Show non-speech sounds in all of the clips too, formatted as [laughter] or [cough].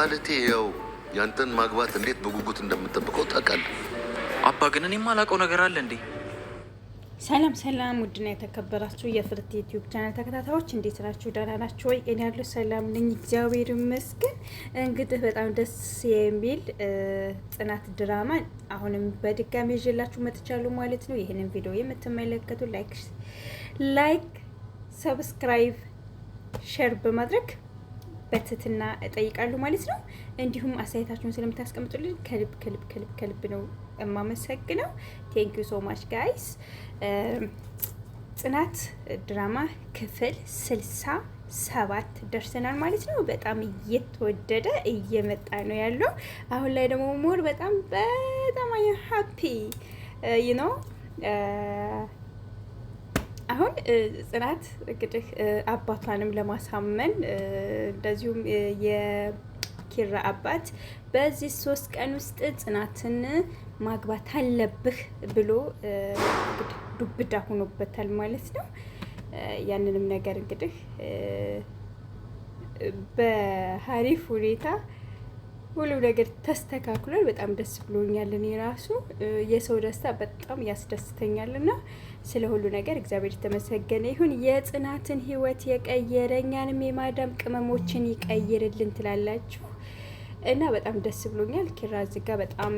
ማለት ያው ያንተን ማግባት እንዴት በጉጉት እንደምጠብቀው ታውቃለህ። አባ ግን እኔም አላውቀው ነገር አለ እንዴ? ሰላም ሰላም፣ ውድና የተከበራችሁ የፍርት ዩቲዩብ ቻናል ተከታታዮች እንዴት ናችሁ? ደህና ናችሁ ወይ? እኔ ያለሁ ሰላም ነኝ፣ እግዚአብሔር ይመስገን። እንግዲህ በጣም ደስ የሚል ጽናት ድራማ አሁንም በድጋሚ ይዤላችሁ መጥቻለሁ ማለት ነው። ይህንን ቪዲዮ የምትመለከቱ ላይክ ላይክ፣ ሰብስክራይብ፣ ሼር በማድረግ በትትና እጠይቃለሁ ማለት ነው። እንዲሁም አስተያየታችሁን ስለምታስቀምጡልን ከልብ ከልብ ከልብ ከልብ ነው የማመሰግነው። ቴንክ ዩ ሶ ማች ጋይስ። ጽናት ድራማ ክፍል ስልሳ ሰባት ደርሰናል ማለት ነው። በጣም እየተወደደ እየመጣ ነው ያለው። አሁን ላይ ደግሞ ሞር በጣም በጣም ሀፒ ነው አሁን ጽናት እንግዲህ አባቷንም ለማሳመን እንደዚሁም የኪራ አባት በዚህ ሶስት ቀን ውስጥ ጽናትን ማግባት አለብህ ብሎ ዱብዳ ሆኖበታል ማለት ነው። ያንንም ነገር እንግዲህ በሀሪፍ ሁኔታ ሁሉ ነገር ተስተካክሏል። በጣም ደስ ብሎኛል። እኔ ራሱ የሰው ደስታ በጣም ያስደስተኛልና ስለ ሁሉ ነገር እግዚአብሔር የተመሰገነ ይሁን። የጽናትን ህይወት የቀየረ እኛንም የማዳም ቅመሞችን ይቀይርልን ትላላችሁ እና በጣም ደስ ብሎኛል። ኪራ ዝጋ ጋ በጣም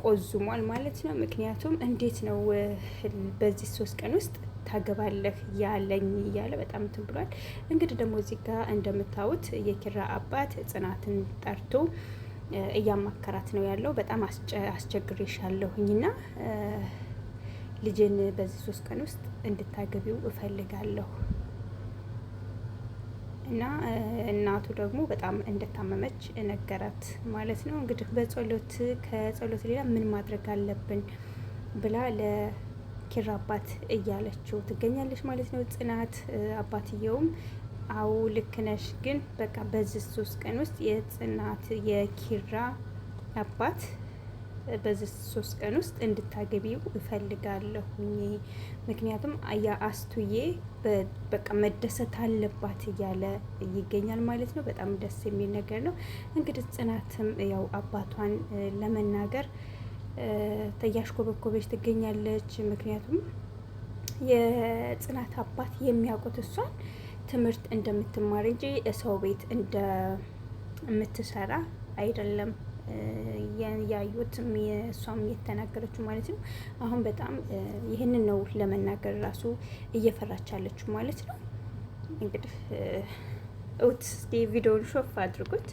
ቆዝሟል ማለት ነው። ምክንያቱም እንዴት ነው በዚህ ሶስት ቀን ውስጥ ታገባለህ ያለኝ እያለ በጣም እንትን ብሏል። እንግዲህ ደግሞ እዚህ ጋ እንደምታዩት የኪራ አባት ጽናትን ጠርቶ እያማከራት ነው ያለው። በጣም አስቸግሬሻለሁኝ ና ልጅን በዚህ ሶስት ቀን ውስጥ እንድታገቢው እፈልጋለሁ እና እናቱ ደግሞ በጣም እንደታመመች ነገራት ማለት ነው። እንግዲህ በጸሎት ከጸሎት ሌላ ምን ማድረግ አለብን ብላ ለኪራ አባት እያለችው ትገኛለች ማለት ነው። ጽናት አባትየውም አው ልክ ነሽ፣ ግን በቃ በዚህ ሶስት ቀን ውስጥ የጽናት የኪራ አባት በዚህ ሶስት ቀን ውስጥ እንድታገቢው እፈልጋለሁ ምክንያቱም አስቱዬ በቃ መደሰት አለባት እያለ ይገኛል ማለት ነው። በጣም ደስ የሚል ነገር ነው። እንግዲህ ጽናትም ያው አባቷን ለመናገር ተያሽኮበኮበች ትገኛለች። ምክንያቱም የጽናት አባት የሚያውቁት እሷን ትምህርት እንደምትማር እንጂ ሰው ቤት እንደምትሰራ አይደለም። ያዩትም የእሷም የተናገረችው ማለት ነው። አሁን በጣም ይህንን ነው ለመናገር ራሱ እየፈራች ያለችው ማለት ነው። እንግዲህ እውት እስኪ ቪዲዮውን ሾፍ አድርጉት።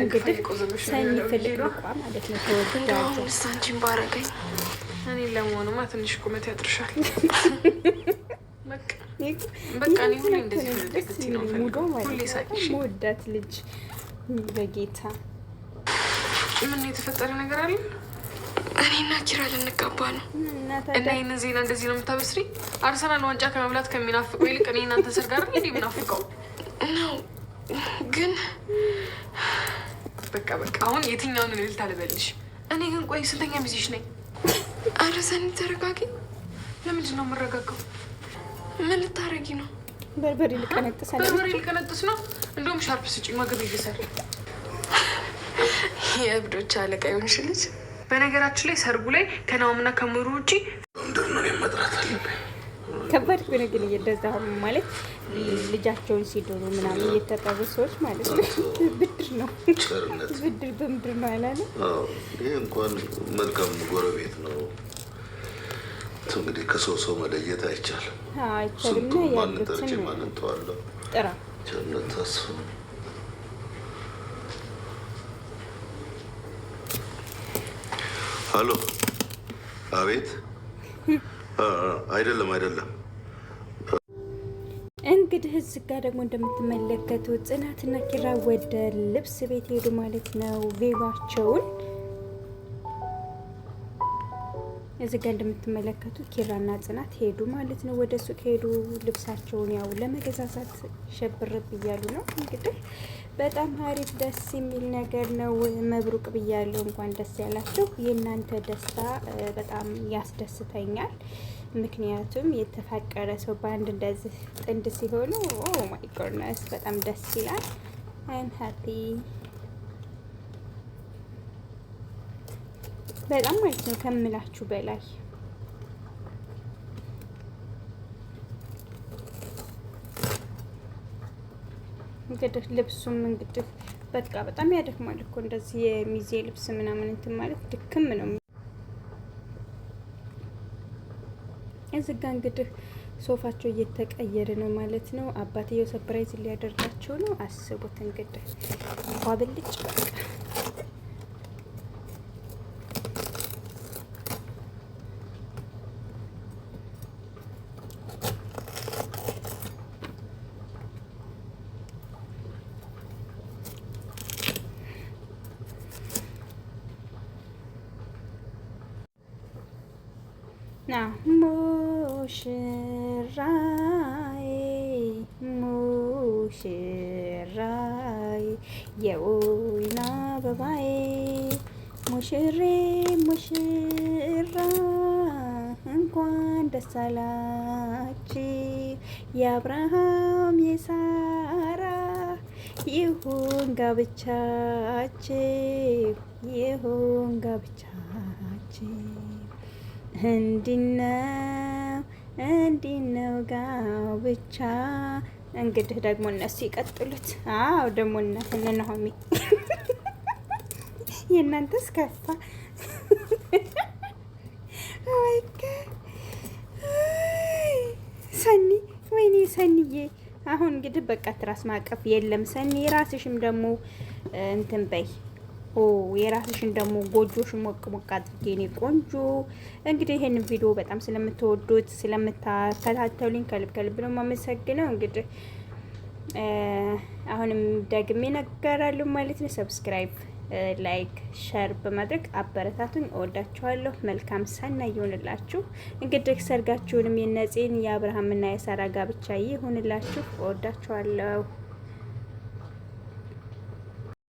እንግዲህ ሰኒ ፍልቅልቋ ማለት ነው ተወዳጅ ባረገኝ እኔ ለመሆኑማ ትንሽ ቁመት ያጥርሻል። [laughs] መወዳት ልጅ በጌታ ምን የተፈጠረ ነገር አለ? እኔና ኪራ ልንጋባ ነው እና ይህንን ዜና እንደዚህ ነው የምታበስሪ? አርሰናል ዋንጫ ከመብላት ከሚናፍቀው ይልቅ እኔ እናንተ ሰርግ ጋር እንዲ የሚናፍቀው ነው። ግን በቃ በቃ አሁን የትኛውን ልልት አልበልሽ። እኔ ግን ቆይ ስንተኛ ሚዜሽ ነኝ? አረ ሰኒ ተረጋጊ። ለምንድን ነው የምረጋጋው? ምን ልታረጊ ነው? በርበሬ ልቀነጥሳል። በርበሬ ልቀነጥስ ነው። እንደውም ሻርፕ ስጪ፣ ምግብ ይገዛል። የእብዶች አለቃ የሆንሽ ልጅ። በነገራችን ላይ ሰርጉ ላይ ከናውምና ከምሩ ውጪ እንደምን መጥራት አለብኝ። ከባድ ሆነ ግን እየደዛ ማለት ልጃቸውን ሲድሩ ምናምን እየተጠሩ ሰዎች ማለት ነው። ብድር ነው ብድር በምድር ነው ያላለ እንኳን መልካም ጎረቤት ነው እንግዲህ ከሰው ሰው መለየት አይቻልም። ስንቱን ጠርቼ ማንን ተዋለሁ። ጀነት ተስፋ ሀሎ፣ አቤት። አይደለም አይደለም እንግዲህ እዚህ ጋ ደግሞ እንደምትመለከቱት ጽናትና ኪራ ወደ ልብስ ቤት ሄዱ ማለት ነው ቪቫቸውን እዚህ ጋ እንደምትመለከቱት ኪራና ጽናት ሄዱ ማለት ነው። ወደ ሱቅ ሄዱ ልብሳቸውን ያው ለመገዛዛት ሸብረብ እያሉ ነው። እንግዲህ በጣም አሪፍ ደስ የሚል ነገር ነው። መብሩቅ ብያለሁ። እንኳን ደስ ያላችሁ። የእናንተ ደስታ በጣም ያስደስተኛል። ምክንያቱም የተፋቀረ ሰው በአንድ እንደዚህ ጥንድ ሲሆኑ ኦ ማይ ጎድነስ በጣም ደስ ይላል። አይም ሀፒ። በጣም ማለት ነው ከምላችሁ በላይ እንግዲህ ልብሱም እንግዲህ በቃ በጣም ያደክማል እኮ እንደዚህ የሚዜ ልብስ ምናምን እንትን ማለት ድክም ነው። እዚህ ጋ እንግዲህ ሶፋቸው እየተቀየረ ነው ማለት ነው። አባትየው ሰፕራይዝ ሊያደርጋቸው ነው። አስቡት እንግዲህ ኳብልጭ በቃ ሙሽራዬ ሙሽራዬ የወይን አበባዬ ሙሽሬ ሙሽራ እንኳን ደስ አላችሁ የአብርሃም የሳራ ይሁን ጋብቻችሁ ይሁን ጋብቻችሁ እንዲነ እንዲህ ነው ጋው ብቻ እንግዲህ ደግሞ እነሱ ይቀጥሉት። አዎ ደግሞ እነሱ ናሆሚ የእናንተ ስከፋ ሰኒ። ወይኔ ሰኒዬ፣ አሁን እንግዲህ በቃ ትራስ ማቀፍ የለም ሰኒ። ራስሽም ደግሞ እንትን በይ የራስሽን ደግሞ ጎጆሽ ሞቅ ሞቅ አድርጌ ቆንጆ። እንግዲህ ይህን ቪዲዮ በጣም ስለምትወዱት ስለምታከታተሉኝ ከልብ ከልብ ነው የማመሰግነው። እንግዲህ አሁንም ደግሜ ነገራለሁ ማለት ነው። ሰብስክራይብ፣ ላይክ፣ ሸር በማድረግ አበረታቱኝ። እወዳችኋለሁ። መልካም ሰና ይሁንላችሁ። እንግዲህ ሰርጋችሁንም የነጼን የአብርሃምና የሳራ ጋብቻ ይሁንላችሁ። እወዳችኋለሁ።